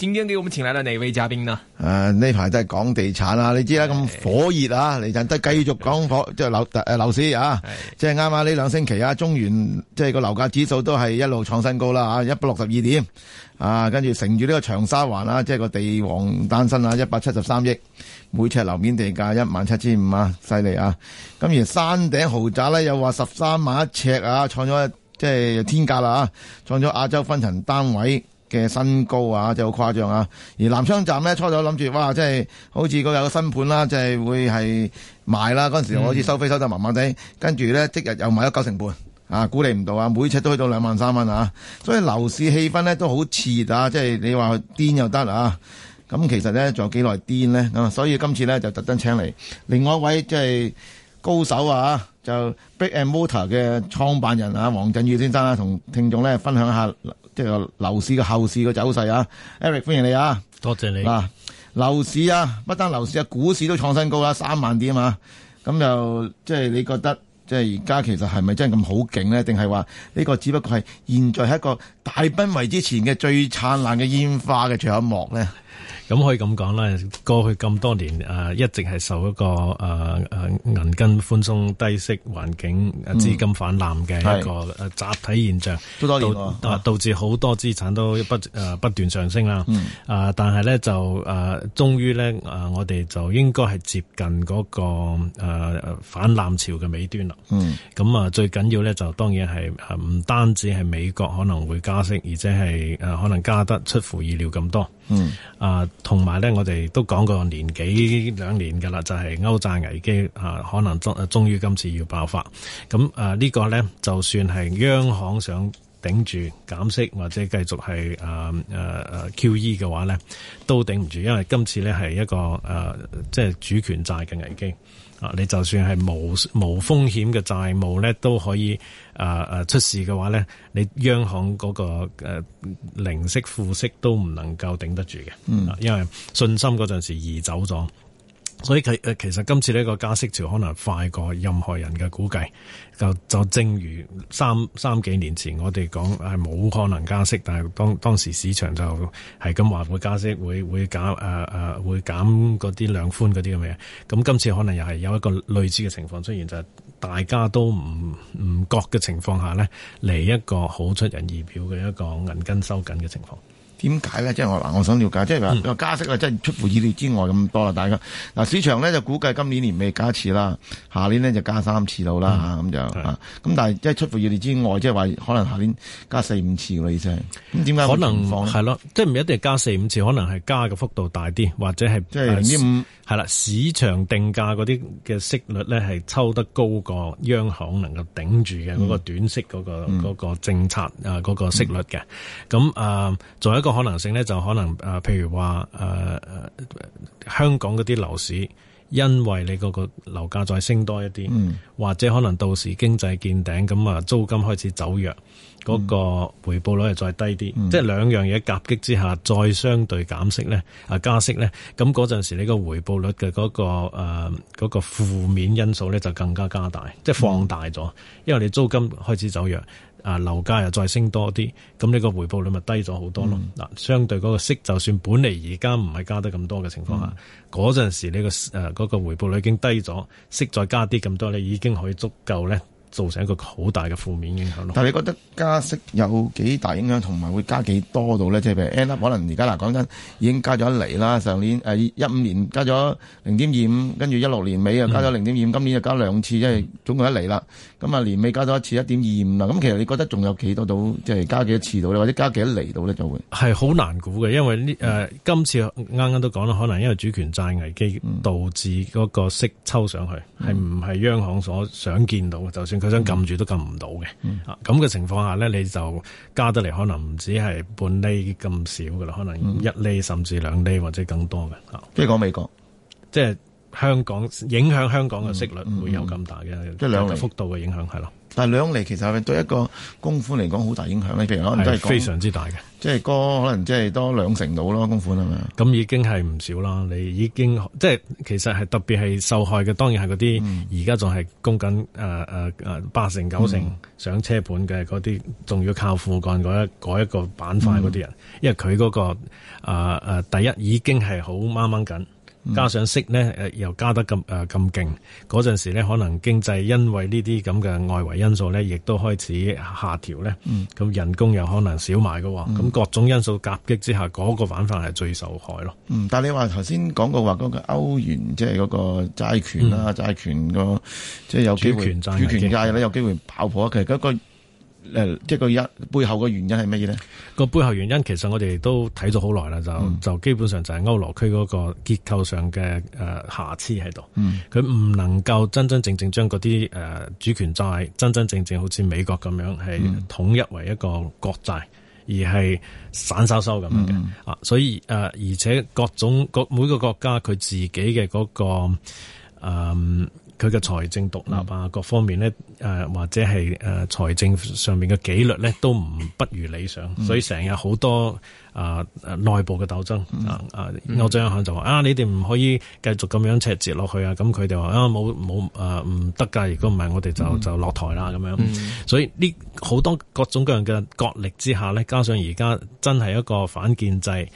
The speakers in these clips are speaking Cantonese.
今天給我們請來的哪位嘉賓呢？誒、呃，呢排都係講地產啦、啊，你知啦，咁對火熱啊，嚟緊都繼續講房，即係對樓誒、呃，樓市啊，即係啱啊！呢兩星期啊，中原即係個樓價指數都係一路創新高啦啊，一百六十二點啊，跟住乘住呢個長沙灣啊，即係個地王誕生啊，一百七十三億每尺樓面地價一萬七千五啊，犀利啊！咁而山頂豪宅咧又話十三萬一尺啊，創咗即係天價啦啊，創咗亞洲分層單位。嘅新高啊，就好誇張啊！而南昌站咧，初頭諗住哇，即係好似個有新盤啦、啊，即係會係賣啦。嗰陣時我好似收飛收得麻麻地，跟住咧即日又買咗九成半啊，估嚟唔到啊，每尺都去到兩萬三蚊啊！所以樓市氣氛咧都好熾熱啊！即係你話癲又得啊！咁、啊、其實咧仲有幾耐癲咧啊！所以今次咧就特登請嚟另外一位即係高手啊！就 Bricks & Mortar 嘅創辦人啊，王震宇先生啊，同聽眾咧分享下。即係樓市嘅後市嘅走勢啊，Eric 歡迎你啊，多謝你嗱，樓市啊，不單樓市啊，股市都創新高啦，三萬點啊，咁就，即係你覺得即係而家其實係咪真係咁好勁呢？定係話呢個只不過係現在係一個大崩壞之前嘅最燦爛嘅煙花嘅最後一幕呢？咁、嗯、可以咁講啦，過去咁多年誒、啊，一直係受、啊啊銀啊、一個誒誒銀根寬鬆、低息環境、資金泛濫嘅一個誒集體現象，嗯、導多、啊、導致好多資產都不誒、啊、不斷上升啦。誒、啊，但係咧就誒，終於咧誒，我哋就應該係接近嗰、那個誒泛濫潮嘅尾端啦。嗯，咁啊，最緊要咧就當然係唔單止係美國可能會加息，而且係誒可能加得出乎意料咁多。嗯，啊，同埋咧，我哋都講過年幾兩年噶啦，就係歐債危機啊，可能終終於今次要爆發。咁啊，啊這個、呢個咧就算係央行想頂住減息或者繼續係誒誒誒 QE 嘅話咧，都頂唔住，因為今次咧係一個誒即係主權債嘅危機。啊！你就算係無無風險嘅債務咧，都可以啊啊、呃、出事嘅話咧，你央行嗰、那個、呃、零息負息都唔能夠頂得住嘅，嗯、因為信心嗰陣時移走咗。所以佢誒其實今次呢個加息潮可能快過任何人嘅估計，就就正如三三幾年前我哋講誒冇可能加息，但係當當時市場就係咁話會加息，會會減誒誒會減嗰啲量寬嗰啲咁嘅嘢。咁今次可能又係有一個類似嘅情況出現，就係大家都唔唔覺嘅情況下咧，嚟一個好出人意表嘅一個銀根收緊嘅情況。點解咧？即係我嗱，我想了解，即係話加息咧，真係出乎意料之外咁多啦！大家嗱，市場咧就估計今年年尾加一次啦，下年咧就加三次到啦嚇，咁、嗯、就咁的但係即係出乎意料之外，即係話可能下年加四五次嘅意思係。點解？可能係咯，即係唔一定加四五次，可能係加嘅幅度大啲，或者係即係呢？五係啦，市場定價嗰啲嘅息率咧係抽得高過央行能夠頂住嘅嗰、嗯、個短息嗰、那個嗯、個政策啊嗰個息率嘅。咁啊、嗯，作為、呃、一個可能性咧就可能誒、呃，譬如話誒誒，香港嗰啲樓市，因為你嗰個樓價再升多一啲，嗯、或者可能到時經濟見頂咁啊租金開始走弱。嗰個、嗯、回報率又再低啲，嗯、即係兩樣嘢夾擊之下，再相對減息咧，啊加息咧，咁嗰陣時你個回報率嘅嗰、那個誒嗰負面因素咧就更加加大，即係放大咗。嗯、因為你租金開始走弱，啊樓價又再升多啲，咁你個回報率咪低咗好多咯。嗱、嗯，相對嗰個息就算本嚟而家唔係加得咁多嘅情況下，嗰陣、嗯、時你、呃那個誒嗰回報率已經低咗，息再加啲咁多你已經可以足夠咧。造成一個好大嘅負面影響咯。但係你覺得加息有幾大影響，同埋會加幾多度咧？即係譬如，可能而家嗱，講真，已經加咗一厘啦。上年誒一五年加咗零點二五，跟住一六年尾又加咗零點二五，今年又加兩次，嗯、即係總共一厘啦。咁啊，年尾加多一次一點二五啦。咁其實你覺得仲有幾多到，即係加幾多次到咧，或者加幾多厘到咧，就會係好難估嘅。因為呢誒，今次啱啱都講啦，可能因為主權債危機導致嗰個息抽上去，係唔係央行所想見到嘅？就算佢想撳住都撳唔到嘅。咁嘅情況下咧，你就加得嚟可能唔止係半厘咁少嘅啦，可能一厘，甚至兩厘或者更多嘅。即係講美國，即係。香港，影響香港嘅息率唔、嗯嗯、會有咁大嘅，即係兩釐幅度嘅影響係咯。但係兩釐其實對一個供款嚟講好大影響咧，譬如可能都係非常之大嘅，即係多可能即係多兩成到咯供款啊咪？咁、嗯、已經係唔少啦。你已經即係其實係特別係受害嘅，當然係嗰啲而家仲係供緊誒誒誒八成九成上車盤嘅嗰啲，仲、嗯、要靠副幹嗰一一個板塊嗰啲人、嗯，因為佢嗰、嗰個誒第一已經係好掹掹緊。嗯、加上息呢，誒又加得咁誒咁勁，嗰、呃、陣時呢，可能經濟因為呢啲咁嘅外圍因素呢，亦都開始下調呢咁、嗯、人工又可能少買噶，咁、嗯、各種因素夾擊之下，嗰、嗰個反法係最受害咯。嗯，但係你話頭先講過話嗰個歐元，即係嗰個債券啦，債券個即係有機會，主權債呢有機會爆破，其實、嗰個。誒，即係個一背後嘅原因係乜嘢咧？個背後原因其實我哋都睇咗好耐啦，就、嗯、就基本上就係歐羅區嗰個結構上嘅誒、呃、瑕疵喺度，佢唔、嗯、能夠真真正正將嗰啲誒主權債真真正正好似美國咁樣係統一為一個國債，嗯、而係散修修咁嘅啊。嗯、所以誒、呃，而且各種各每個國家佢自己嘅嗰、那個誒。嗯佢嘅財政獨立啊，各方面呢，誒或者係誒財政上面嘅紀律呢，都唔不如理想，所以成日好多啊、呃、內部嘅鬥爭啊、呃，歐洲央行就話啊，你哋唔可以繼續咁樣赤字落去啊，咁佢哋話啊，冇冇啊唔得㗎，如果唔係我哋就就落台啦咁樣，所以呢好多各種各樣嘅角力之下呢，加上而家真係一個反建制。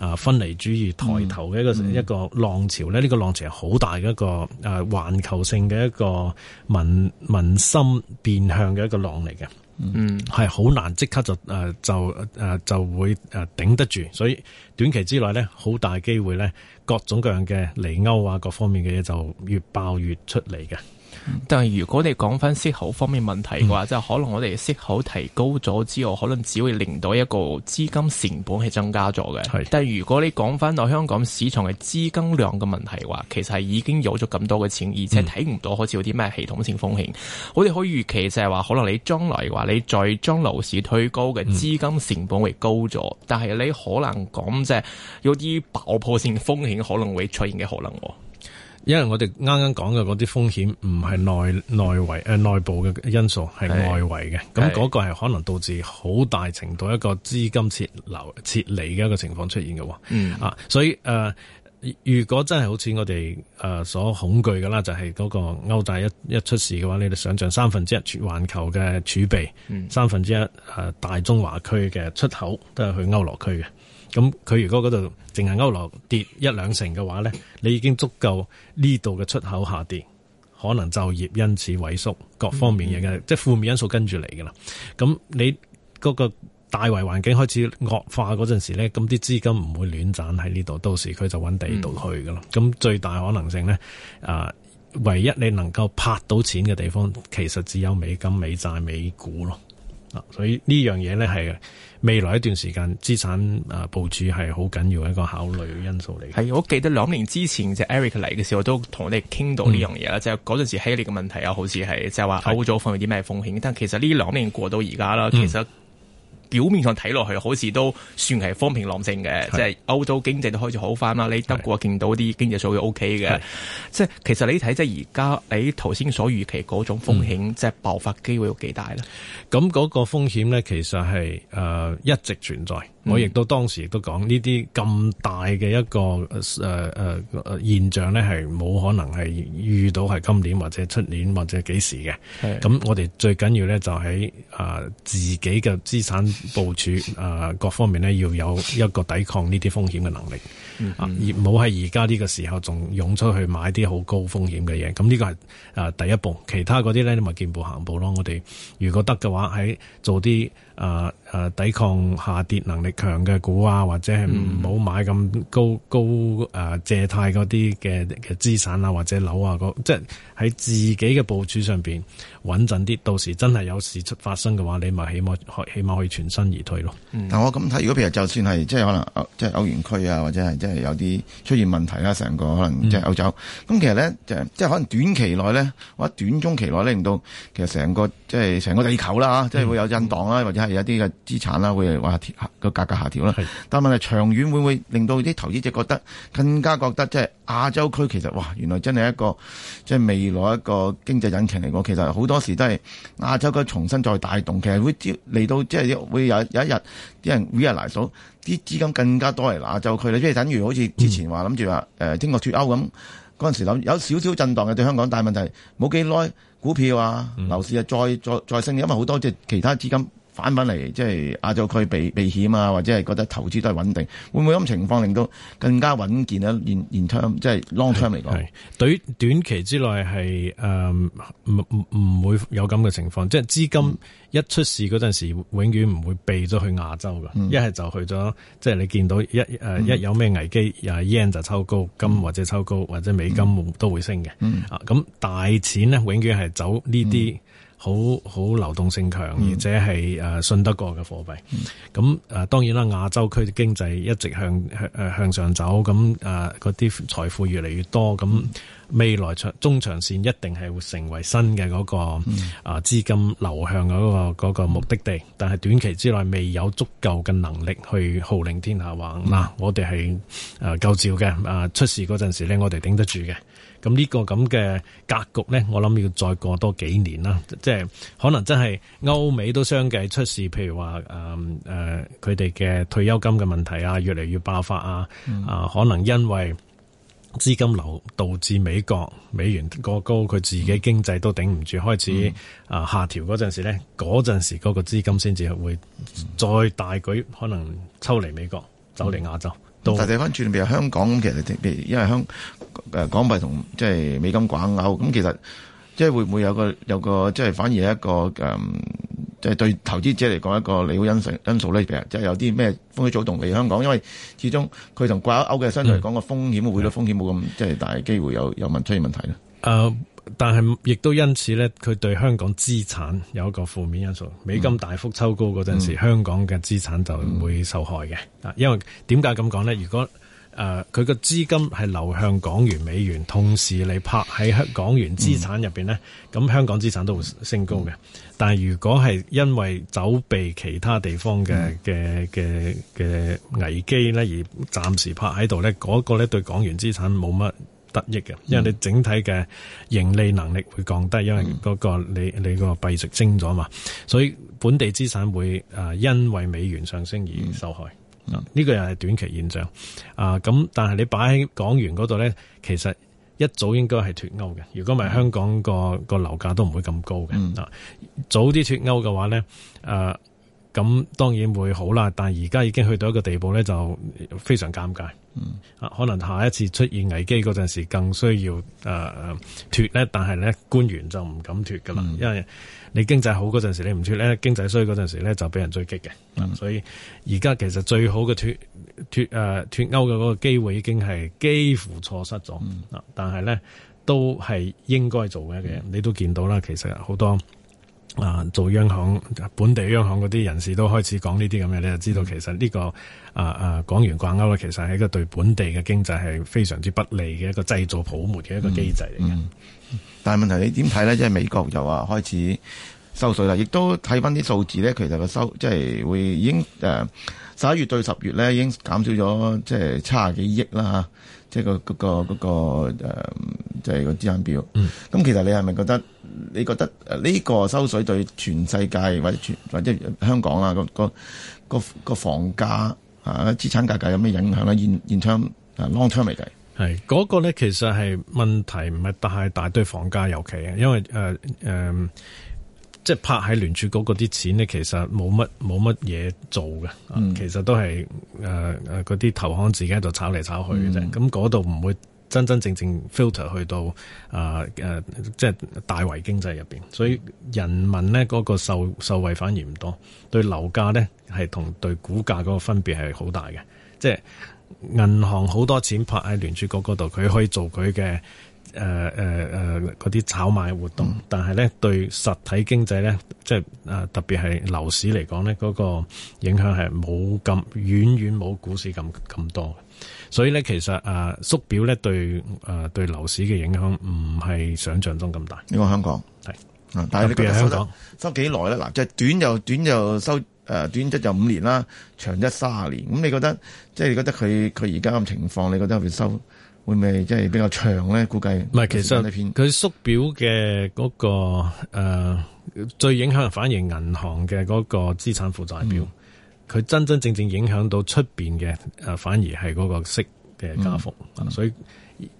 啊！分離主義抬頭嘅一個、mm hmm. 一個浪潮咧，呢、這個浪潮係好大嘅一個啊，環球性嘅一個民民心變向嘅一個浪嚟嘅。嗯、mm，係、hmm. 好難即刻就啊就啊就，就會啊頂得住，所以短期之內咧，好大嘅機會咧，各種各樣嘅離歐啊各方面嘅嘢就越爆越出嚟嘅。但係如果你講翻息口方面問題嘅話，嗯、就可能我哋息口提高咗之後，可能只會令到一個資金成本係增加咗嘅。是但係如果你講翻到香港市場嘅資金量嘅問題話，其實係已經有咗咁多嘅錢，嗯、而且睇唔到好似有啲咩系統性風險。我哋可以預期就係話，可能你將來嘅話，你再將樓市推高嘅資金成本會高咗，嗯、但係你可能講即係、就是、有啲爆破性風險可能會出現嘅可能。因為我哋啱啱講嘅嗰啲風險唔係內內圍誒內部嘅因素，係外圍嘅，咁嗰是個係可能導致好大程度一個資金撤流撤離嘅一個情況出現嘅。嗯啊，所以誒、呃，如果真係好似我哋誒、呃、所恐懼嘅啦，就係、是、嗰個歐債一一出事嘅話，你哋想象三分之一全球嘅儲備，嗯、三分之一誒、呃、大中華區嘅出口都係去歐羅區嘅。咁佢如果嗰度淨係歐羅跌一兩成嘅話咧，你已經足夠呢度嘅出口下跌，可能就業因此萎縮，各方面嘢嘅、嗯嗯、即係負面因素跟住嚟噶啦。咁你嗰個大圍環境開始惡化嗰陣時咧，咁啲資金唔會亂賺喺呢度，到時佢就揾第二度去噶啦。咁、嗯、最大可能性咧，啊、呃，唯一你能夠拍到錢嘅地方，其實只有美金、美債、美股咯。啊，所以呢樣嘢咧係。未來一段時間，資產啊，部署係好緊要一個考慮因素嚟。係，我記得兩年之前就是、Eric 嚟嘅時候，都同我哋傾到呢樣嘢啦，就嗰陣時希臘嘅問題啊，好似係就係話歐洲方面啲咩風險，是但其實呢兩年過到而家啦，嗯、其實。表面上睇落去好似都算係風平浪靜嘅，是即係歐洲經濟都開始好返啦。是你德國見到啲經濟數據 O K 嘅，是即係其實你睇即係而家你頭先所預期嗰種風險，嗯、即係爆發機會有幾大咧？咁嗰、嗯、個風險咧，其實係誒、呃、一直存在。我亦都當時亦都講呢啲咁大嘅一個誒誒誒現象咧，係冇可能係遇到係今年或者出年或者幾時嘅。咁係我哋最緊要咧就喺啊、呃、自己嘅資產部署啊、呃、各方面咧，要有一個抵抗呢啲風險嘅能力。啊！嗯嗯、而唔好喺而家呢個時候，仲湧出去買啲好高風險嘅嘢，咁呢個係誒第一步。其他嗰啲咧，你咪見步行步咯。我哋如果得嘅話，喺做啲誒誒抵抗下跌能力強嘅股啊，或者係唔好買咁高高誒、呃、借貸嗰啲嘅嘅資產啊，或者樓啊，嗰即係喺自己嘅部署上邊穩陣啲。到時真係有事出發生嘅話，你咪起碼起碼可以全身而退咯。嗯、但我咁睇，如果譬如就算係即係可能即係歐元區啊，或者係。有啲出現問題啦，成個可能即係歐洲。咁、嗯、其實咧，即係即係可能短期內咧，或者短中期內咧，令到其實成個即係成個地球啦，嚇、嗯，即係會有震盪啦，或者係有啲嘅資產啦，會話個價格下調啦。嗯、但問題長遠會唔會令到啲投資者覺得更加覺得即係亞洲區其實哇，原來真係一個即係未來一個經濟引擎嚟㗎。其實好多時都係亞洲區重新再帶動，其實會招嚟到即係會有有一日啲人會 realize 到。啲資金更加多嚟喇，就佢哋，即係等如好似之前話諗住話誒英國脱歐咁嗰陣時諗有少少震盪嘅對香港，但係問題冇幾耐股票啊、樓市啊再再再升，因為好多即係其他資金。翻翻嚟，即係亞洲區避避險啊，或者係覺得投資都係穩定，會唔會咁情況令到更加穩健咧？延延即係 long term 嚟講，對於短期之內係誒唔唔唔會有咁嘅情況，即係資金一出事嗰陣時，嗯、永遠唔會避咗去亞洲噶、嗯就係，一係就去咗，即係你見到一誒一有咩危機，又係 yen 就抽高金或者抽高或者美金都會升嘅，嗯、啊咁大錢咧永遠係走呢啲。嗯好好流動性強，而且係誒、呃、信得過嘅貨幣。咁誒、嗯呃、當然啦，亞洲區經濟一直向向誒、呃、向上走，咁誒嗰啲財富越嚟越多。咁、呃、未來長中長線一定係會成為新嘅嗰、嗰個啊、呃、資金流向嘅嗰、嗰個嗰個目的地。但係短期之內未有足夠嘅能力去號令天下話嗱、嗯呃，我哋係誒夠照嘅。誒、呃、出事嗰陣時咧，我哋頂得住嘅。咁呢個咁嘅格局呢，我諗要再過多幾年啦，即係可能真係歐美都相繼出事，譬如話誒誒佢哋嘅退休金嘅問題啊，越嚟越爆發啊，嗯、啊可能因為資金流導致美國美元過高，佢自己經濟都頂唔住，開始啊下調嗰陣時咧，嗰陣、嗯、時嗰個資金先至會再大舉可能抽離美國走嚟亞洲。嗯大地方轉嚟，譬如對香港，其實譬如因為香誒港、呃、港幣同即係美金掛鈎，咁其實即係會唔會有個有個即係反而係一個誒，即、嗯、係、就是、對投資者嚟講一個利好因素因素咧？其實即係有啲咩風吹草動嚟香港，因為始終佢同掛鈎嘅相對嚟講，個、嗯、風險會咯，風險冇咁即係大機會有有問出現問題咧。誒、嗯。但係亦都因此呢，佢對香港資產有一個負面因素。美金大幅抽高嗰陣時，嗯、香港嘅資產就會受害嘅。啊，因為點解咁講呢？如果誒佢個資金係流向港元美元，同時你拍喺港元資產入邊呢，咁香港資產都會升高嘅。嗯、但係如果係因為走避其他地方嘅嘅嘅嘅危機呢，而暫時拍喺度呢，嗰個呢，對港元資產冇乜。得益嘅，因為你整體嘅盈利能力會降低，因為嗰、那個、嗯、你你個幣值升咗嘛，所以本地資產會啊、呃、因為美元上升而受害。呢、嗯嗯、個又係短期現象啊！咁、呃、但係你擺喺港元嗰度咧，其實一早應該係脱歐嘅。如果唔係香港個個樓價都唔會咁高嘅啊！嗯、早啲脱歐嘅話咧，誒、呃、咁當然會好啦。但係而家已經去到一個地步咧，就非常尷尬。嗯，啊，可能下一次出現危機嗰陣時，更需要誒脱咧，但係咧官員就唔敢脱噶啦，嗯、因為你經濟好嗰陣時你唔脱咧，經濟衰嗰陣時咧就俾人追擊嘅。嗯、所以而家其實最好嘅脱脱誒脱歐嘅嗰個機會已經係幾乎錯失咗，啊、嗯！但係咧都係應該做嘅嘢，嗯、你都見到啦，其實好多。啊！做央行本地央行嗰啲人士都開始講呢啲咁嘅，你就知道其實呢、呢個啊啊港元掛鈎咧，其實係一個對本地嘅經濟係非常之不利嘅一個製造泡沫嘅一個機制嚟嘅、嗯嗯。但係問題你點睇呢？即係美國就話開始收稅啦，亦都睇翻啲數字呢。其實個收即係會已經誒十一月對十月呢，已經減少咗即係差啊幾億啦。即係、嗰個嗰、嗰個嗰、嗰個即係、即係、個資產表。咁其實你係咪覺得？你覺得呢個收水對全世界或者全或者香港啊、嗰個個、嗰個房價啊、資產價格有咩影響咧？現現長啊 long term 嚟計。係嗰、嗰個咧，其實係問題唔係大，大對房價尤其，因為誒誒。呃呃即係拍喺聯儲局嗰啲錢咧，其實冇乜冇乜嘢做嘅，嗯、其實都係誒誒嗰啲投行自己喺度炒嚟炒去嘅啫。咁嗰度唔會真真正正 filter 去到啊誒，即、呃、係、呃就是、大圍經濟入邊，所以人民咧嗰、嗰個受受惠反而唔多。對樓價咧係同對股價嗰個分別係好大嘅。即、就、係、係、銀行好多錢拍喺聯儲局嗰度，佢可以做佢嘅。誒誒誒，嗰啲，呃呃、炒賣活動，但係咧對實體經濟咧，即係誒、呃，特別係樓市嚟講咧，嗰、那個影響係冇咁，遠遠冇股市咁咁多。所以咧，其實誒、呃、縮表咧對誒、呃、對樓市嘅影響唔係想象中咁大。你話香港係，但係你覺得收收幾耐咧？嗱、嗯，即係、就是、短又短又收誒、呃，短則就五年啦，長則卅年。咁你覺得即係、就是、覺得佢佢而家咁情況，你覺得會收？嗯會唔會即係比較長呢？估計唔係，其實佢縮表嘅嗰、嗰個誒、嗯呃，最影響，反而銀行嘅嗰個資產負債表，佢、嗯、真真正正影響到出邊嘅誒，反而係嗰個息嘅加幅，嗯、所以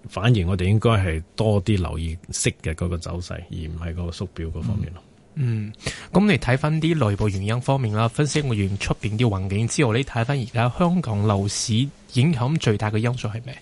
反而我哋應該係多啲留意息嘅嗰個走勢，而唔係嗰個縮表嗰方面咯。嗯，咁你睇翻啲內部原因方面啦。分析完出邊啲環境之後，你睇翻而家香港樓市影響最大嘅因素係咩？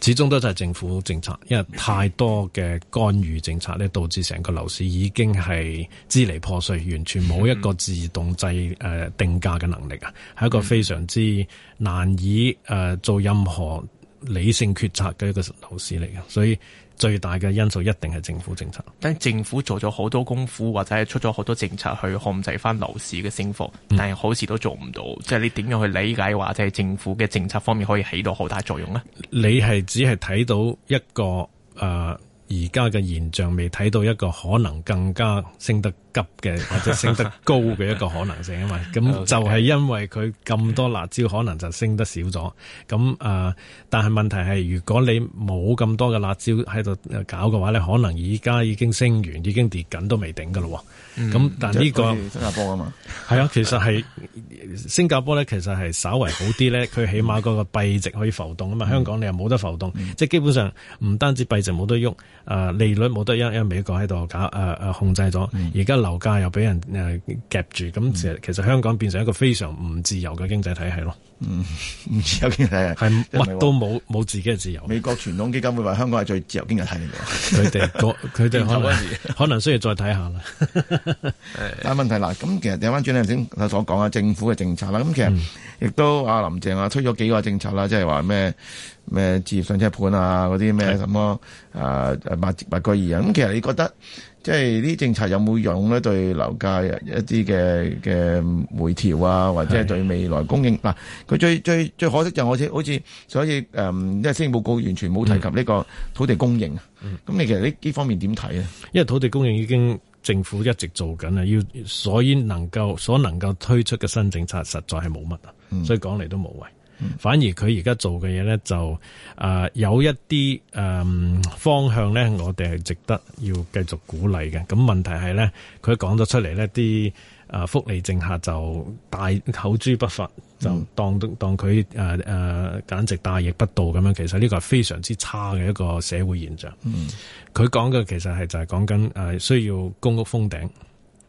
始終都就係政府政策，因為太多嘅干預政策咧，導致成個樓市已經係支離破碎，完全冇一個自動制誒定價嘅能力啊，係一個非常之難以誒做任何理性決策嘅一個樓市嚟嘅，所以。最大嘅因素一定係政府政策，但係政府做咗好多功夫或者係出咗好多政策去控制翻樓市嘅升幅，但係好似都做唔到，嗯、即係你點樣去理解話，或者係政府嘅政策方面可以起到好大作用呢？你係只係睇到一個誒？呃而家嘅現象未睇到一個可能更加升得急嘅或者升得高嘅一個可能性啊嘛，咁 就係因為佢咁多辣椒可能就升得少咗，咁啊、呃，但係問題係如果你冇咁多嘅辣椒喺度搞嘅話咧，可能而家已經升完，已經跌緊都未頂噶咯喎，咁、嗯、但呢、呢個新加坡啊嘛，係啊，其實係新加坡呢，其實係稍為好啲呢，佢起碼嗰個幣值可以浮動啊嘛， 香港你又冇得浮動，嗯、即係基本上唔單止幣值冇得喐。誒利率冇得一因一美國喺度搞誒誒控制咗，而家、嗯、樓價又俾人誒夾住，咁其實其實香港變成一個非常唔自由嘅經濟體系咯。唔、嗯、自由經濟體係係乜都冇冇國自己嘅自由。美國傳統基金會話香港係最自由經濟體，佢哋佢哋可能需要再睇下啦。 但係問題嗱，咁其實掉翻轉頭先佢所講嘅政府嘅政策啦，咁其實。嗯亦都阿林鄭啊推咗幾個政策啦，即係話咩咩置業上車盤啊嗰啲咩什麼啊物物居二啊，咁其實你覺得即係啲政策有冇用咧？對樓價一啲嘅嘅回調啊，或者係對未來供應嗱，佢的、啊、最最最可惜就係好似好似所以誒，因為施、嗯、政報告完全冇提及呢個土地供應啊。咁、嗯、你其實呢啲方面點睇咧？因為土地供應已經。政府一直做緊啊，要所以能夠所能夠推出嘅新政策，實在係冇乜啊，嗯、所以講嚟都冇謂。嗯、反而佢而家做嘅嘢咧，就啊、呃、有一啲誒、呃、方向咧，我哋係值得要繼續鼓勵嘅。咁問題係咧，佢講咗出嚟呢啲。啊！福利政客，就大口誅筆伐，嗯、就當當佢誒誒，簡直大逆不道咁樣。其實呢個係非常之差嘅一個社會現象。嗯，佢講嘅其實係就係講緊誒，需要公屋封頂。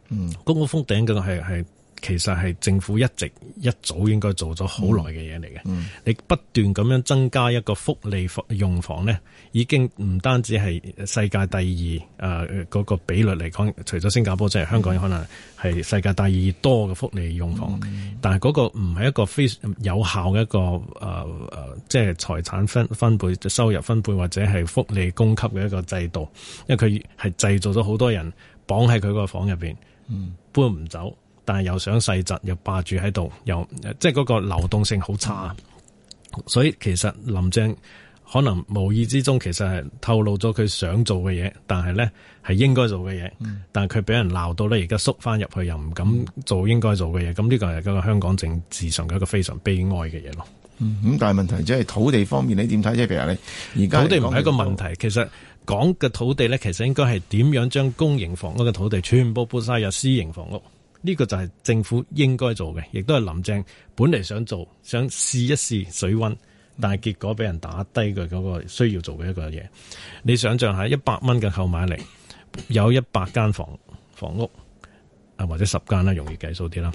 嗯，公屋封頂嘅係係。其實係政府一直一早應該做咗好耐嘅嘢嚟嘅。嗯、你不斷咁樣增加一個福利房用房咧，已經唔單止係世界第二誒嗰、呃嗰個比率嚟講，除咗新加坡即係香港，嗯、可能係世界第二多嘅福利用房。嗯、但係嗰個唔係一個非常有效嘅一個誒誒、呃，即係財產分分配、收入分配或者係福利供給嘅一個制度，因為佢係製造咗好多人綁喺佢個房入邊，嗯、搬唔走。但係又想細集，又霸住喺度，又即係嗰個流動性好差，所以其實林鄭可能無意之中其實係透露咗佢想做嘅嘢，但係咧係應該做嘅嘢，嗯、但係佢俾人鬧到咧，而家縮翻入去，又唔敢做應該做嘅嘢。咁呢個係一個香港政治上嘅一個非常悲哀嘅嘢咯。嗯，咁但係問題即係、就是、土地方面，你點睇？即譬如你而家土地唔係一個問題，其實講嘅土地咧，其實應該係點樣將公營房屋嘅土地全部搬晒入私營房屋？呢個就係政府應該做嘅，亦都係林鄭本嚟想做、想試一試水温，但係結果俾人打低嘅嗰個需要做嘅一個嘢。你想象下，一百蚊嘅購買力，有一百間房房屋，啊或者十間啦，容易計數啲啦。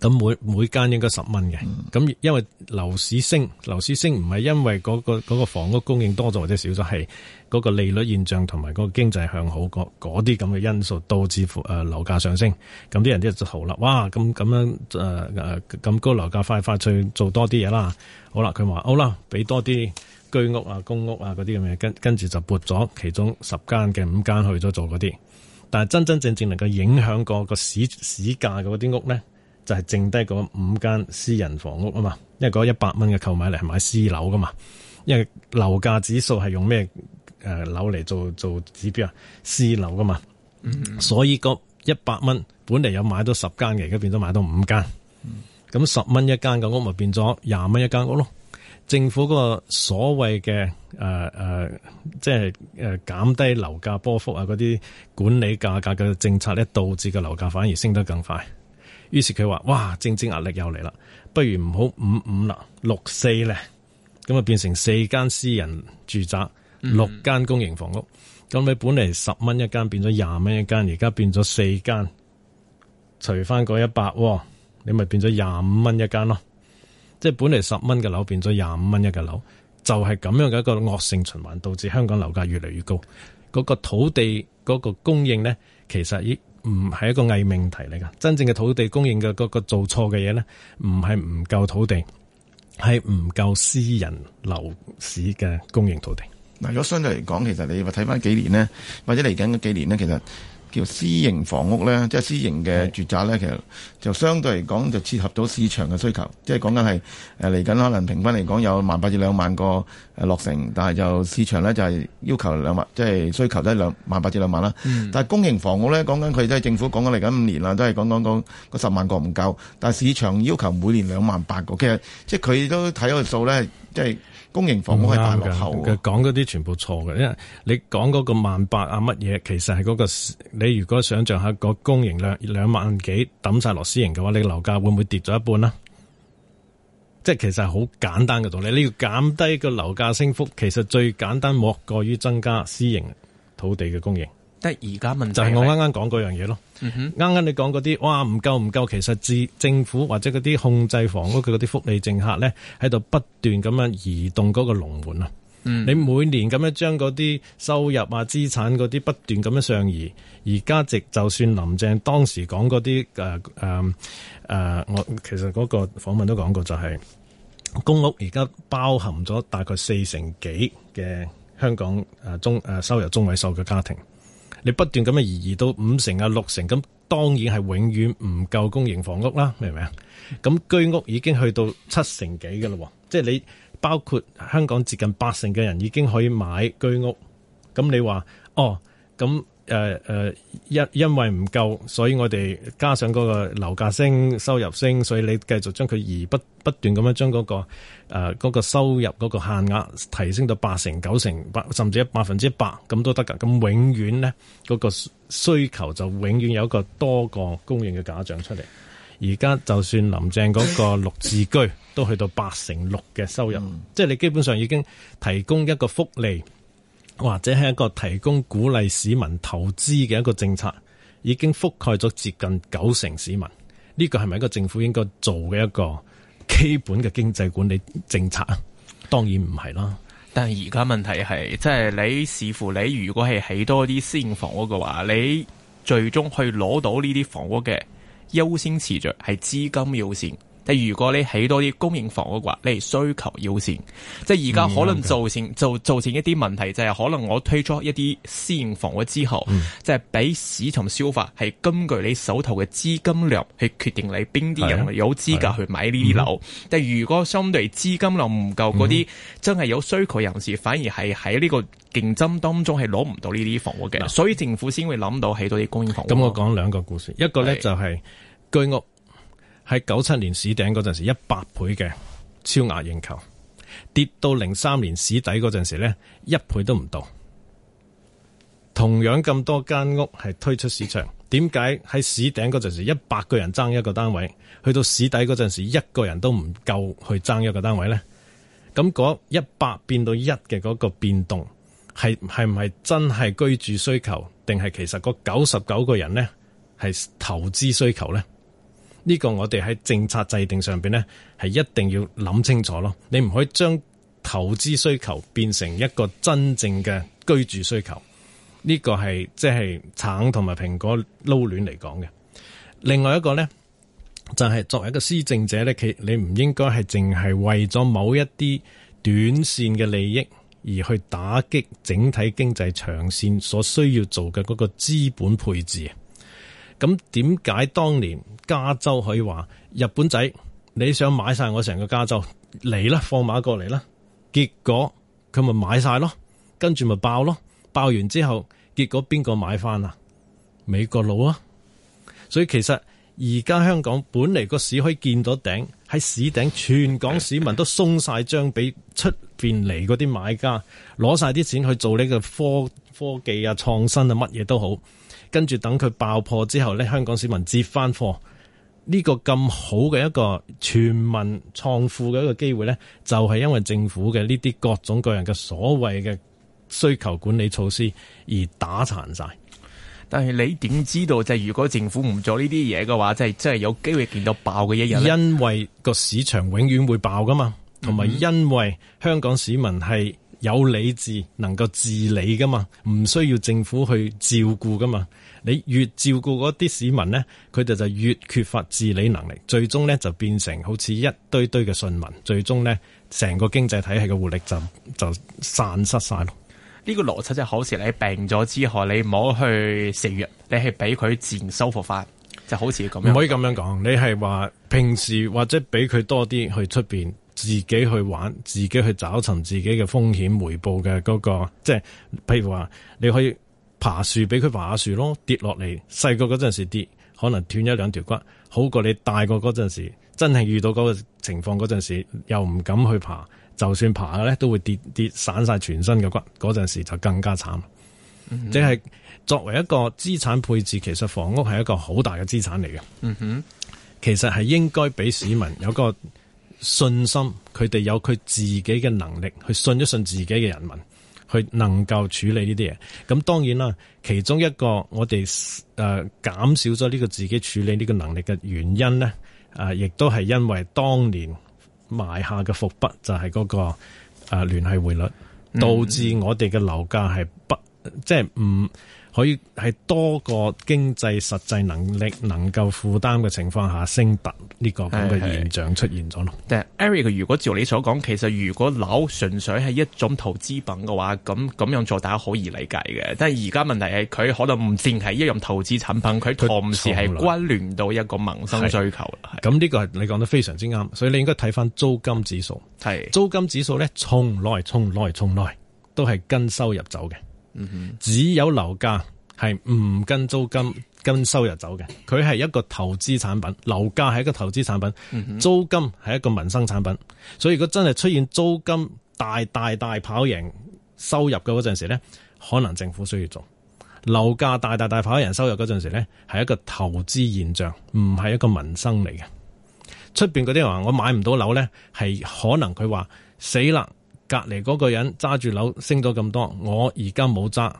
咁每每間應該十蚊嘅，咁因為樓市升，樓市升唔係因為嗰個嗰個房屋供應多咗或者少咗，係嗰個利率現象同埋嗰個經濟向好嗰啲咁嘅因素導致誒樓價上升。咁啲人啲就好啦，哇咁咁樣誒誒咁高樓價快快脆做多啲嘢啦。好啦，佢話好啦，俾多啲居屋啊、公屋啊嗰啲咁嘅，跟跟住就撥咗其中十間嘅五間去咗做嗰啲。但係真真正正，正能夠影響個市市價嘅嗰啲屋咧？就係剩低嗰五間私人房屋啊嘛，因為嗰一百蚊嘅購買嚟係買私樓㗎嘛，因為樓價指數係用咩誒樓嚟做做指標啊？私樓㗎嘛，嗯、所以嗰一百蚊本嚟有買到十間嘅，而家變咗買到五間。咁十蚊一間嘅屋咪變咗廿蚊一間屋囉。政府嗰個所謂嘅誒誒，即係誒減低樓價波幅啊嗰啲管理價格嘅政策咧，導致嘅樓價反而升得更快。於是佢話，哇，正正壓力又嚟啦，不如唔好五五啦，六四咧，咁啊變成四間私人住宅，六間公營房屋。咁咪、嗯、本嚟十蚊一間變咗廿蚊一間，而家變咗四間，除返嗰一百，你咪變咗廿五蚊一間咯。即係本嚟十蚊嘅樓變咗廿五蚊一嘅樓，就係、是、咁樣嘅一個惡性循環，導致香港樓價越嚟越高。嗰、那個土地嗰個供應咧，其實唔係一個偽命題嚟㗎，真正嘅土地供應嘅嗰個做錯嘅嘢咧，唔係唔夠土地，係唔夠私人樓市嘅供應土地。嗱，如果相對嚟講，其實你話睇返幾年呢？或者嚟緊嗰幾年呢？其實，條私營房屋咧，即係私營嘅住宅咧，其實就相對嚟講就切合到市場嘅需求，即係講緊係誒嚟緊可能平均嚟講有萬八至兩萬個落成，但係就市場咧就係、係、要求兩萬，即係需求都係兩萬八至兩萬啦。嗯、但係公營房屋咧，講緊佢即係政府講緊嚟緊五年啦，都係講講講十萬個唔夠，但係市場要求每年兩萬八個，其實即係佢都睇個數咧，即係。就係公營房屋係大落後，佢講嗰啲全部錯嘅，因為你講嗰個萬八啊乜嘢，其實係嗰個，你如果想象下個供應量兩萬幾抌晒落私營嘅話，你樓價會唔會跌咗一半咧？即係其實好簡單嘅道理，你要減低個樓價升幅，其實最簡單莫過於增加私營土地嘅供應。而家問題就係我啱啱講嗰樣嘢咯。啱啱、嗯、哼你講嗰啲哇唔夠唔夠，其實自政府或者嗰啲控制房屋佢嗰啲福利政客咧，喺度不斷咁樣移動嗰個龍門啊。嗯、你每年咁樣將嗰啲收入啊、資產嗰啲不斷咁樣上移，而家值就算林鄭當時講嗰啲誒誒誒，我其實嗰個訪問都講過，就係，就係公屋而家包含咗大概四成幾嘅香港誒、啊、中誒、啊、收入中位數嘅家庭。你不斷咁樣移移到五成啊、六成，咁當然係永遠唔夠公營房屋啦，明唔明啊？咁居屋已經去到七成幾㗎喇，即係你包括香港接近八成嘅人已經可以買居屋，咁你話哦咁？誒誒，因因為唔夠，所以我哋加上嗰個樓價升，收入升，所以你繼續將佢而不不斷咁樣將嗰、嗰個誒、呃嗰個收入嗰個限額提升到八成、九成、百甚至百分之一百咁都得㗎。咁永遠呢，嗰、嗰個需求就永遠有一個多個供應嘅假象出嚟。而家就算林鄭嗰個六字居 都去到八成六嘅收入，嗯、即係你基本上已經提供一個福利。或者係一個提供鼓勵市民投資嘅一個政策，已經覆蓋咗接近九成市民。呢個係咪一個政府應該做嘅一個基本嘅經濟管理政策啊？當然唔係啦。但係而家問題係，即係你視乎你如果係起多啲私營房屋嘅話，你最終去攞到呢啲房屋嘅優先次序係資金優先。你如果你起多啲公營房屋嘅話，你係需求優先。即係而家可能造成、造、嗯、造成一啲問題，就係可能我推出一啲私營房屋之後，即係俾市場消化，係根據你手頭嘅資金量去決定你邊啲人有資格去買呢啲樓。但係、嗯、如果相對資金量唔夠，嗰啲真係有需求人士，反而係喺呢個競爭當中係攞唔到呢啲房屋嘅。嗯、所以政府先會諗到起多啲公營房屋。咁、嗯、我講兩個故事，一個呢是，就係、是、居屋。喺九七年市頂嗰陣時，一百倍嘅超額認購，跌到零三年市底嗰陣時呢一倍都唔到。同樣咁多間屋係推出市場，點解喺市頂嗰陣時一百個人爭一個單位，去到市底嗰陣時一個人都唔夠去爭一個單位呢？咁嗰一百變到一嘅嗰個變動，係係唔係真係居住需求，定係其實嗰九十九個人呢，係投資需求呢？呢個我哋喺政策制定上邊呢，係一定要諗清楚咯。你唔可以將投資需求變成一個真正嘅居住需求，呢個係即係橙同埋蘋果撈亂嚟講嘅。另外一個呢，就係作為一個施政者呢，佢你唔應該係淨係為咗某一啲短線嘅利益而去打擊整體經濟長線所需要做嘅嗰個資本配置。咁點解當年加州佢話，日本仔你想買晒我成個加州嚟啦，放馬過嚟啦。結果佢咪買晒咯，跟住咪爆咯！爆完之後，結果邊個買翻啊？美國佬啊！所以其實而家香港本嚟個市可以見到頂，喺市頂全港市民都鬆晒張俾出邊嚟嗰啲買家，攞晒啲錢去做呢個科科技啊、創新啊，乜嘢都好。跟住等佢爆破之後咧，香港市民接翻貨，呢個咁好嘅一個全民創富嘅一個機會咧，就係因為政府嘅呢啲各種各樣嘅所謂嘅需求管理措施而打殘晒。但係你點知道？就係如果政府唔做呢啲嘢嘅話，即係即係有機會見到爆嘅一日，因為個市場永遠會爆噶嘛，同埋因為香港市民係。有理智，能夠自理噶嘛？唔需要政府去照顧噶嘛？你越照顧嗰啲市民呢，佢哋就越缺乏自理能力，最終呢就變成好似一堆堆嘅信民，最終呢，成個經濟體系嘅活力就就散失晒咯。呢個邏輯就好似你病咗之後，你唔好去食藥，你係俾佢自然修復翻，就好似咁樣。唔可以咁樣講，你係話平時或者俾佢多啲去出邊。自己去玩，自己去找尋自己嘅風險回報嘅嗰個，即係譬如話，你可以爬樹俾佢爬下樹咯，跌落嚟。細個嗰陣時跌，可能斷一兩條骨，好過你大個嗰陣時，真係遇到嗰個情況嗰陣時，又唔敢去爬，就算爬咧都會跌跌散晒全身嘅骨。嗰陣時就更加慘。Mm hmm. 即係作為一個資產配置，其實房屋係一個好大嘅資產嚟嘅。嗯哼、mm，hmm. 其實係應該俾市民有個信心，佢哋有佢自己嘅能力去信一信自己嘅人民，去能夠處理呢啲嘢。咁當然啦，其中一個我哋誒、呃、減少咗呢個自己處理呢個能力嘅原因呢，誒亦都係因為當年埋下嘅伏筆就係嗰、嗰個聯繫匯率，導致我哋嘅樓價係不即係唔。可以喺多個經濟實際能力能夠負擔嘅情況下升達呢個咁嘅現象出現咗咯。是是是但係 Eric，如果照你所講，其實如果樓純粹係一種投資品嘅話，咁咁樣做大家可以理解嘅。但係而家問題係佢可能唔淨係一樣投資產品，佢同時係關聯到一個民生追求。咁呢個係你講得非常之啱，所以你應該睇翻租金指數。係是租金指數咧，從來從來從來,從來都係跟收入走嘅。只有樓價係唔跟租金跟收入走嘅，佢係一個投資產品。樓價係一個投資產品，租金係一個民生產品。所以如果真係出現租金大大大跑贏收入嘅嗰陣時呢，可能政府需要做。樓價大大大跑贏收入嗰陣時呢，係一個投資現象，唔係一個民生嚟嘅。出邊嗰啲人話我買唔到樓呢，係可能佢話死啦。隔離嗰個人揸住樓升咗咁多，我而家冇揸，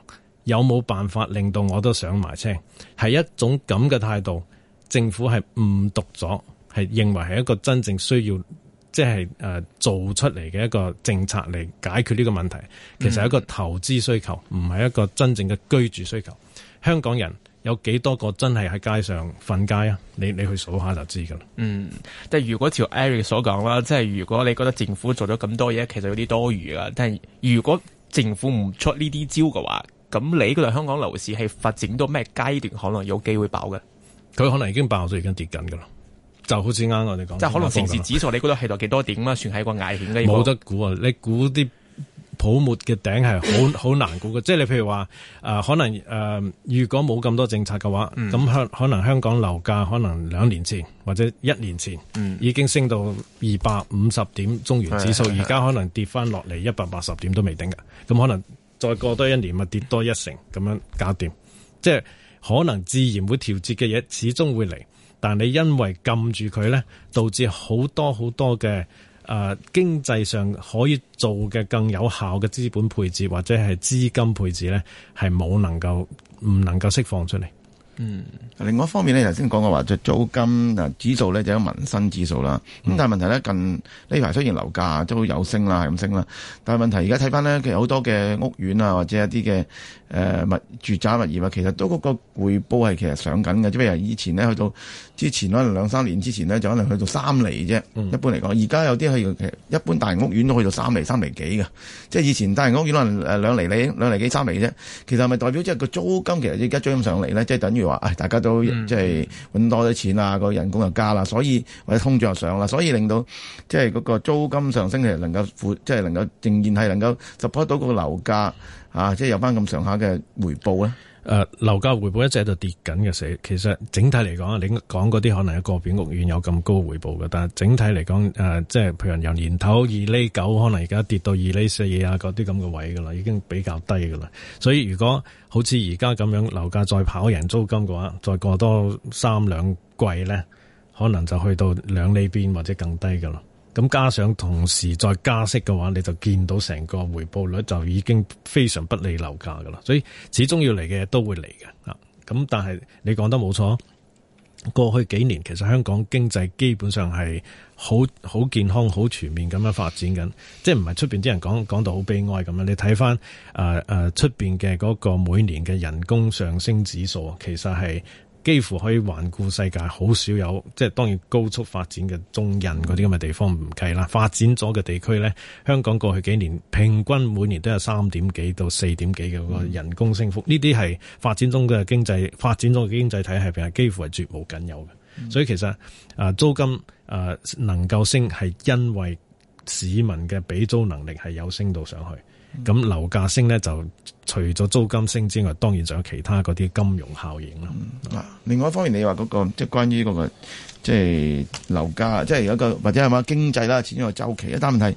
有冇辦法令到我都上埋車？係一種咁嘅態度，政府係誤讀咗，係認為係一個真正需要，即係誒做出嚟嘅一個政策嚟解決呢個問題，其實係一個投資需求，唔係一個真正嘅居住需求，香港人。有幾多個真係喺街上瞓街啊？你，你去數下就知噶啦。嗯，即係如果朝 Eric 所講啦，即係如果你覺得政府做咗咁多嘢，其實有啲多餘噶。但係如果政府唔出呢啲招嘅話，咁你嗰度香港樓市係發展到咩階段，可能有機會爆嘅？佢可能已經爆咗，已經跌緊噶啦，就好似啱我哋講。即係可能城市指數， 你覺得係到幾多點啊？算係一個危險嘅。冇得估啊！ 你估啲？泡沫嘅頂係好好難估嘅，即係你譬如話，誒、呃、可能誒、呃，如果冇咁多政策嘅話，咁香、嗯、可能香港樓價可能兩年前或者一年前、嗯、已經升到二百五十點中原指數，而家、嗯、可能跌返落嚟一百八十點都未頂嘅，咁、嗯、可能再過多一年咪跌多一成咁樣搞掂，即係可能自然會調節嘅嘢始終會嚟，但你因為禁住佢咧，導致好多好多嘅。誒、啊、經濟上可以做嘅更有效嘅資本配置或者係資金配置咧，係冇能夠唔能夠釋放出嚟。嗯，另外一方面咧，頭先講嘅話，就租金啊指數咧，就係民生指數啦。咁但係問題咧，近呢排雖然樓價都有升啦，係咁升啦，但係問題而家睇翻咧，其實好多嘅屋苑啊，或者一啲嘅誒物住宅物業啊，其實都嗰個回報係其實上緊嘅，即譬如以前咧去到。之前可能兩三年之前呢，就可能去到三厘啫、嗯。一般嚟講，而家有啲去，其實一般大型屋苑都去到三厘、三厘幾嘅。即係以前大型屋苑可能誒兩厘、零、兩厘幾、三厘啫。其實係咪代表即係個租金其實而家追咁上嚟咧？即係等於話誒，大家都即係揾多啲錢啦，個人工又加啦，所以或者通脹上啦，所以令到即係嗰個租金上升係能夠即係能夠仍然係能夠 support 到個樓價啊！即係有翻咁上下嘅回報咧。誒樓價回報一直喺度跌緊嘅，社其實整體嚟講，你講嗰啲可能個有個別屋苑有咁高回報嘅，但係整體嚟講，誒即係譬如由年頭二厘九，可能而家跌到二厘四啊，嗰啲咁嘅位噶啦，已經比較低噶啦。所以如果好似而家咁樣樓價再跑贏租金嘅話，再過多三兩季咧，可能就去到兩厘邊或者更低噶啦。咁加上同時再加息嘅話，你就見到成個回報率就已經非常不利樓價㗎喇，所以始終要嚟嘅都會嚟嘅啊！咁但係你講得冇錯，過去幾年其實香港經濟基本上係好好健康、好全面咁樣發展緊，即係唔係出邊啲人講講到好悲哀咁樣。你睇翻啊啊出邊嘅嗰個每年嘅人工上升指數其實係。幾乎可以環顧世界，好少有即係當然高速發展嘅中印嗰啲咁嘅地方唔計啦。發展咗嘅地區呢，香港過去幾年平均每年都有三點幾到四點幾嘅個人工升幅。呢啲係發展中嘅經濟，發展中嘅經濟體系其實幾乎係絕無僅有嘅。嗯、所以其實啊，租金啊能夠升係因為市民嘅畀租能力係有升到上去。咁樓價升咧，就除咗租金升之外，當然仲有其他嗰啲金融效應咯。嗱、嗯，另外一方面，你話嗰、嗰個即係、即係、關於嗰、嗰個即係、即係、樓價，即係有一個或者係嘛經濟啦，始終係個周期，但問題。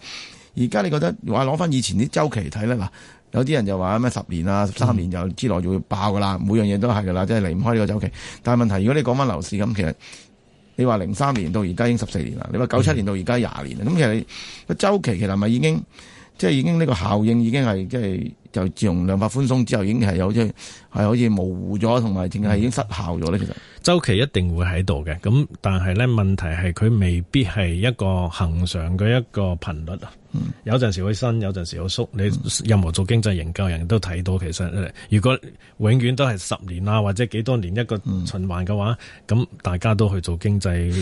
而家你覺得話攞翻以前啲周期睇咧，嗱，有啲人就話咩十年啊、十三、嗯、年就之內就會爆噶啦，每樣嘢都係噶啦，即、即、係、係、離唔開呢個周期。但係問題，如果你講翻樓市咁，其實你話零三年到而家已經十四年啦，你話九七年到而家廿年啦，咁、嗯、其實你個周期其實係咪已經。即係已經呢個效應已經係即係就自從量化寬鬆之後已經係有啲好似模糊咗，同埋淨係已經失效咗咧。其實、嗯、周期一定會喺度嘅，咁但係咧，問題係佢未必係一個恒常嘅一個頻率啊。嗯、有陣時會升，有陣時會縮。你任何做經濟研究人都睇到，其實如果永遠都係十年啊或者幾多年一個循環嘅話，咁、嗯、大家都去做經濟、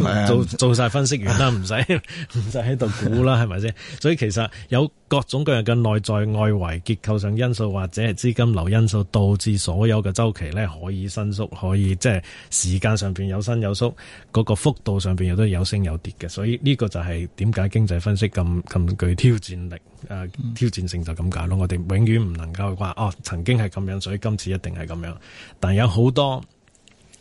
嗯、 做做晒分析員啦，唔使唔使喺度估啦，係咪先？所以其實有。各種各樣嘅內在、外圍、結構上因素，或者係資金流因素，導致所有嘅周期咧可以伸縮，可以即係時間上邊有伸有縮，嗰個幅度上邊亦都有升有跌嘅。所以呢個就係點解經濟分析咁咁具挑戰力，誒挑戰性，就咁解咯。嗯、我哋永遠唔能夠話哦，曾經係咁樣，所以今次一定係咁樣。但有好多。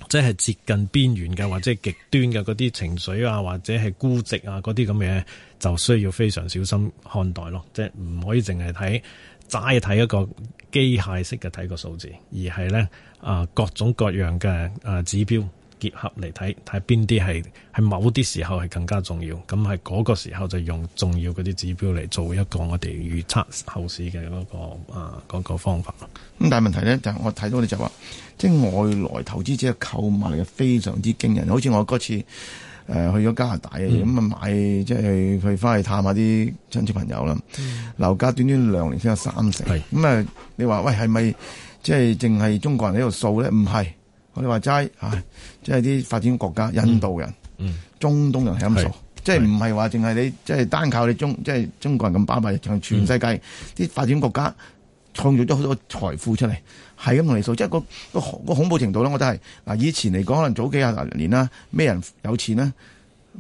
即係接近邊緣嘅，或者係極端嘅嗰啲情緒啊，或者係估值啊嗰啲咁嘅，就需要非常小心看待咯。即係唔可以淨係睇齋睇一個機械式嘅睇個數字，而係咧啊各種各樣嘅啊指標結合嚟睇，睇邊啲係係某啲時候係更加重要。咁係嗰個時候就用重要嗰啲指標嚟做一個我哋預測後市嘅嗰個啊嗰個方法咯。咁但係問題咧就我睇到你就話。即係外來投資者購買力非常之驚人，好似我嗰次誒、呃、去咗加拿大咁啊、嗯、買即係去翻去探下啲親戚朋友啦。樓價、嗯、短短兩年先有三成，咁啊是、嗯、你話喂係咪即係淨係中國人喺度掃咧？唔係，我哋話齋啊，是即係啲發展國家、印度人、嗯、中東人係咁掃，嗯、是即係唔係話淨係你即係單靠你中即係中國人咁包埋，淨係全世界啲發展國家。創造咗好多財富出嚟，係咁同你數，即係、嗰個、嗰個嗰個恐怖程度咧，我都係嗱，以前嚟講可能早幾廿年啦，咩人有錢呢？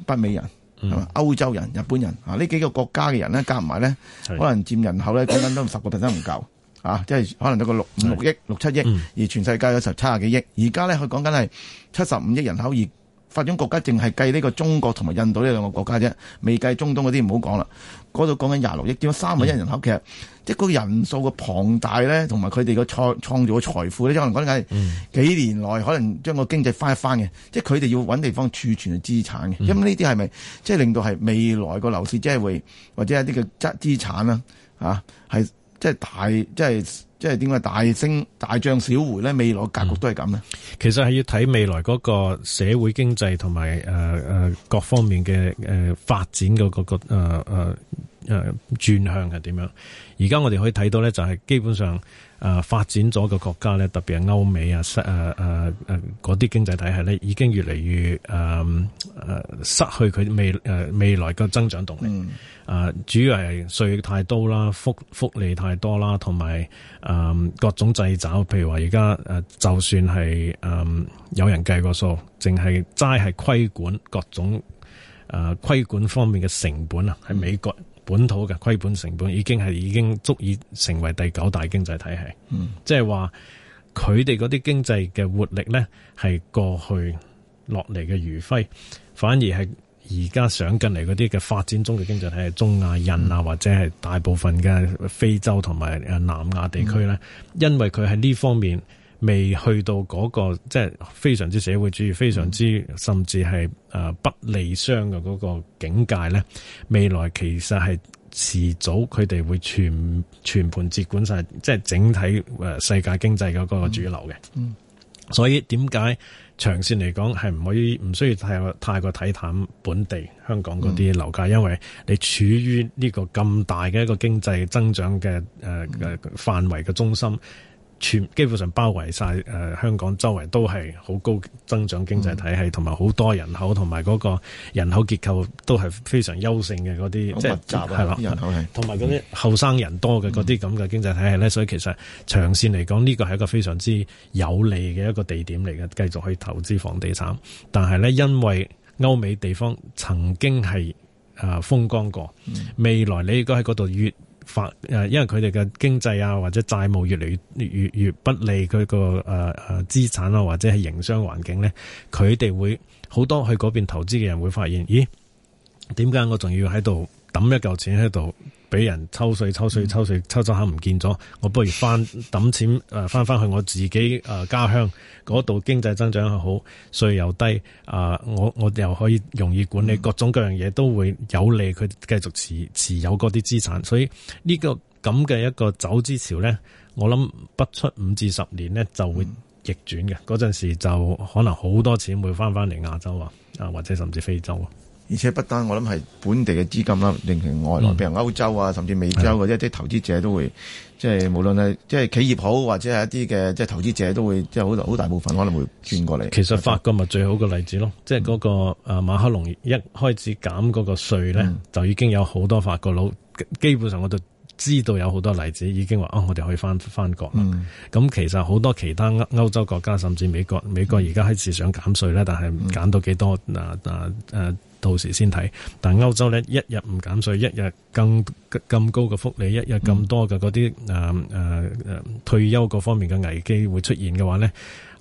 北美人係嘛、嗯，歐洲人、日本人啊，呢幾個國家嘅人咧，加埋咧，啊、是可能佔人口咧，講緊都十個 percent 唔夠啊，即係可能得個六五六億六七億，是而全世界有時候七廿幾億，而家咧佢講緊係七十五億人口而。發展國家淨係計呢個中國同埋印度呢兩個國家啫，未計中東嗰啲唔好講啦。嗰度講緊廿六億，點三萬億人口，嗯、其實即係、就是、個人數嘅龐大咧，同埋佢哋個創創造嘅財富咧，可能講緊係幾年內可能將個經濟翻一翻嘅，即係佢哋要揾地方儲存嘅資產嘅。嗯、因為呢啲係咪即係令到係未來個樓市即係、就是、會或者一啲嘅資資產啦？啊，係即係大即係。就是即係點解大升大漲小回咧？未來格局都係咁咧。其實係要睇未來嗰個社會經濟同埋誒誒各方面嘅、誒、呃、發展嘅嗰個誒誒誒轉向係點樣。而家我哋可以睇到咧，就係基本上。誒、呃、發展咗嘅國家咧，特別係歐美啊，誒誒誒嗰啲經濟體系咧，已經越嚟越誒誒、啊、失去佢未誒、啊、未來嘅增長動力。誒、嗯啊、主要係稅太多啦，福利太多啦，同埋誒各種掣肘。譬如話而家誒，就算係誒、啊、有人計過數，淨係齋係規管各種誒、啊、規管方面嘅成本啊，喺美國。嗯本土嘅虧本成本已經係已經足以成為第九大經濟體系，即係話佢哋嗰啲經濟嘅活力呢係過去落嚟嘅餘暉，反而係而家上緊嚟嗰啲嘅發展中嘅經濟體系，中亞印啊、嗯、或者係大部分嘅非洲同埋誒南亞地區咧，因為佢喺呢方面。未去到嗰個即係非常之社會主義、非常之甚至係誒不利商嘅嗰個境界咧，未來其實係遲早佢哋會全全盤接管晒，即係整體誒世界經濟嘅嗰個主流嘅。嗯嗯，所以點解長線嚟講係唔可以唔需要太太過睇淡本地香港嗰啲樓價，嗯，因為你處於呢個咁大嘅一個經濟增長嘅誒嘅範圍嘅中心。全基本上包圍晒誒香港周圍都係好高增長經濟體系，同埋好多人口，同埋嗰個人口結構都係非常優勝嘅嗰啲，即係雜啦人口係，同埋嗰啲後生人多嘅嗰啲咁嘅經濟體系咧，所以其實長線嚟講呢個係一個非常之有利嘅一個地點嚟嘅，繼續去投資房地產。但係咧，因為歐美地方曾經係誒、呃、風光過，嗯、未來你如果喺嗰度越。發誒，因為佢哋嘅經濟啊，或者債務越嚟，越越越越不利，佢個誒誒資產啊，或者係營商環境咧，佢哋會好多去嗰邊投資嘅人會發現，咦，點解我仲要喺度？抌一嚿錢喺度，俾人抽稅、抽稅、抽稅、抽咗下唔見咗，我不如翻抌錢誒，翻翻去我自己誒家鄉嗰度，經濟增長又好，稅又低啊、呃，我我又可以容易管理各種各樣嘢，都會有利佢繼續持持有嗰啲資產，所以呢、呢個咁嘅一個走資潮呢，我諗不出五至十年呢就會逆轉嘅，嗰陣、嗯、時就可能好多錢會翻翻嚟亞洲啊，啊或者甚至非洲。而且不單我諗係本地嘅資金啦，令其外來，譬如歐洲啊，甚至美洲嗰的一啲投資者都會，即係無論係即係企業好，或者係一啲嘅即係投資者都會，即係好大好大部分可能會轉過嚟。其實法國咪最好嘅例子咯，嗯、即係嗰、嗰個誒、啊、馬克龍一開始減嗰個稅咧，嗯、就已經有好多法國佬，基本上我就知道有好多例子已經話啊，我哋可以返返國啦。咁、嗯、其實好多其他歐洲國家甚至美國，美國而家開始想減稅咧，但係減到幾多嗱嗱誒？啊啊啊啊啊到時先睇，但歐洲咧一日唔減稅，一日更咁高嘅福利，一日咁多嘅嗰啲誒誒誒退休各方面嘅危機會出現嘅話咧，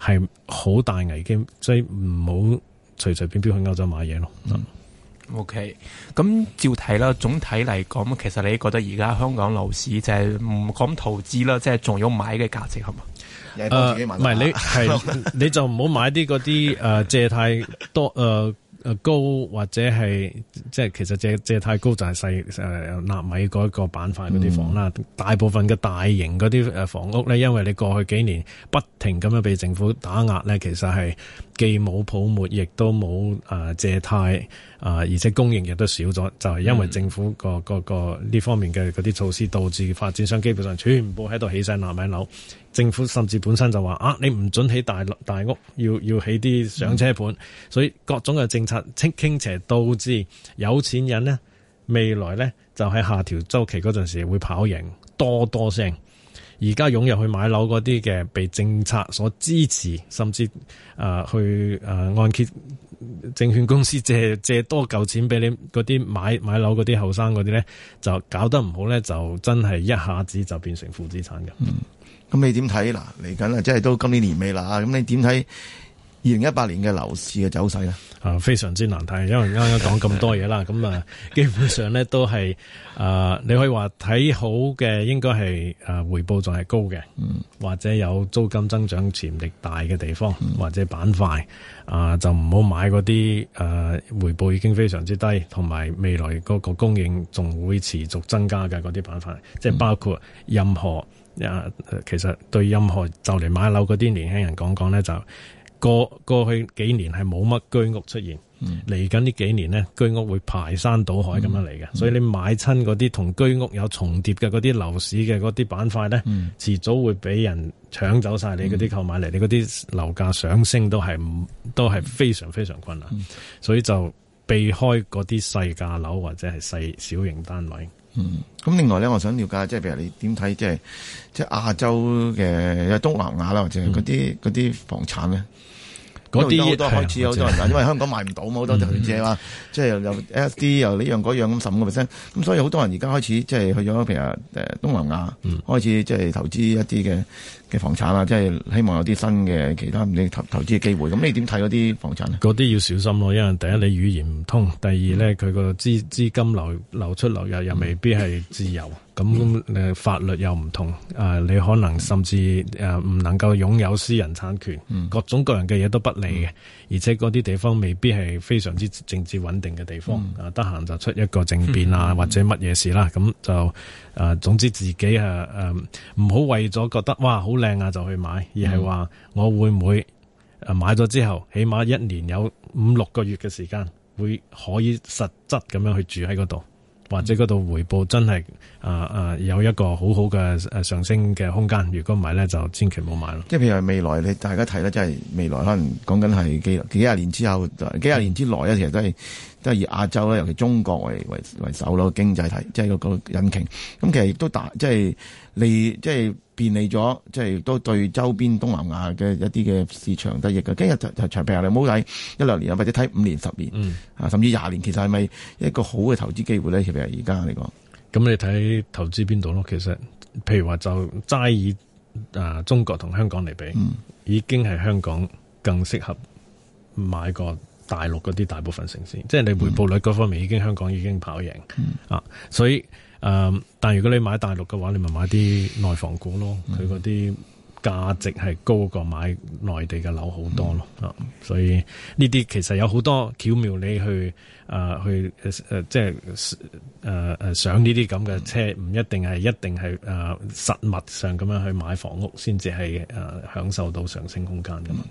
係好大危機，所以唔好隨隨便便去歐洲買嘢咯。OK 咁照睇啦，總體嚟講，其實你覺得而家香港樓市就係唔敢投資啦，即係仲要買嘅價值，係嘛？唔係你係你就唔好買啲嗰啲誒借貸多誒。呃呃呃呃誒，高或者係即係，其實借借貸高就係細誒納米嗰個板塊嗰啲房啦。嗯、大部分嘅大型嗰啲誒房屋咧，因為你過去幾年不停咁樣被政府打壓咧，其實係既冇泡沫，亦都冇誒借貸。啊！而且供應亦都少咗，就係、是、因為政府個個個呢方面嘅嗰啲措施導致發展商基本上全部喺度起晒爛尾樓。政府甚至本身就話啊，你唔准起大大屋，要要起啲上車盤。嗯、所以各種嘅政策傾斜，導致有錢人呢未來呢，就喺下調週期嗰陣時會跑贏多多聲。而家湧入去買樓嗰啲嘅被政策所支持，甚至誒、呃、去誒按揭證券公司借借多嚿錢俾你嗰啲買買樓嗰啲後生嗰啲咧，就搞得唔好咧，就真係一下子就變成負資產㗎。嗯，咁你點睇？嗱，嚟緊啦，即係都今年年尾啦，咁你點睇？二零一八年嘅樓市嘅走勢咧，啊，非常之難睇，因為啱啱講咁多嘢啦，咁啊，基本上咧都係啊、呃，你可以話睇好嘅，應該係啊、呃、回報仲係高嘅，嗯、或者有租金增長潛力大嘅地方、嗯、或者板塊啊、呃，就唔好買嗰啲啊回報已經非常之低，同埋未來嗰個供應仲會持續增加嘅嗰啲板塊，即係、嗯、包括任何啊、呃，其實對任何就嚟買樓嗰啲年輕人講講咧就。過過去幾年係冇乜居屋出現，嚟緊呢幾年呢，居屋會排山倒海咁樣嚟嘅，嗯、所以你買親嗰啲同居屋有重疊嘅嗰啲樓市嘅嗰啲板塊呢，嗯，遲早會俾人搶走晒你嗰啲購買力，你嗰啲樓價上升都係、嗯，都係非常非常困難，嗯、所以就避開嗰啲細價樓或者係細小型單位。咁、嗯、另外呢，我想了解即係譬如你點睇即係即係亞洲嘅有東南亞啦，或者嗰啲啲房產呢？嗰啲都多開始有的多人， 因為香港買唔到嘛，好多就借啦，即係又 SD 又呢樣嗰樣咁十五個 percent，咁所以好多人而家開始即係去咗譬如誒東南亞，嗯、開始即係投資一啲嘅嘅房產啦，即係希望有啲新嘅其他啲投投資嘅機會。咁你點睇嗰啲房產咧？嗰啲要小心咯，因為第一你語言唔通，第二咧佢個資資金流流出流入又未必係自由。嗯 咁誒、嗯、法律又唔同，誒、呃，你可能甚至誒唔、呃、能夠擁有私人產權，嗯、各種各樣嘅嘢都不利嘅，嗯、而且嗰啲地方未必係非常之政治穩定嘅地方，啊得閒就出一個政變啊，嗯、或者乜嘢事啦，咁就誒總之自己啊誒唔好為咗覺得哇好靚啊就去買，而係話、嗯、我會唔會誒買咗之後起碼一年有五六個月嘅時間會可以實質咁樣去住喺嗰度。或者嗰度回報真係啊啊有一個好好嘅上升嘅空間，如果唔係咧就千祈唔好買咯。即係譬如未來你大家睇咧，即係未來可能講緊係幾廿年之後，幾廿年之內咧，其實都係都係以亞洲咧，尤其中國為為為首咯經濟體，即係個引擎。咁其實亦都打即係你即係。便利咗，即係都對周邊東南亞嘅一啲嘅市場得益嘅。今日就長皮下你唔好睇一兩年啊，或者睇五年、十年、嗯、啊，甚至廿年，其實係咪一個好嘅投資機會咧？其實係而家嚟講，咁、嗯、你睇投資邊度咯？其實，譬如話就齋以啊、呃、中國同香港嚟比，嗯、已經係香港更適合買過大陸嗰啲大部分城市，嗯、即係你回報率嗰方面已經香港已經跑贏、嗯、啊，所以。誒、嗯，但如果你買大陸嘅話，你咪買啲內房股咯，佢嗰啲價值係高過買內地嘅樓好多咯。嗯嗯、所以呢啲其實有好多巧妙，你、呃、去誒去誒即係誒誒上呢啲咁嘅車，唔一定係一定係誒、呃、實物上咁樣去買房屋，先至係誒享受到上升空間噶嘛。嗯嗯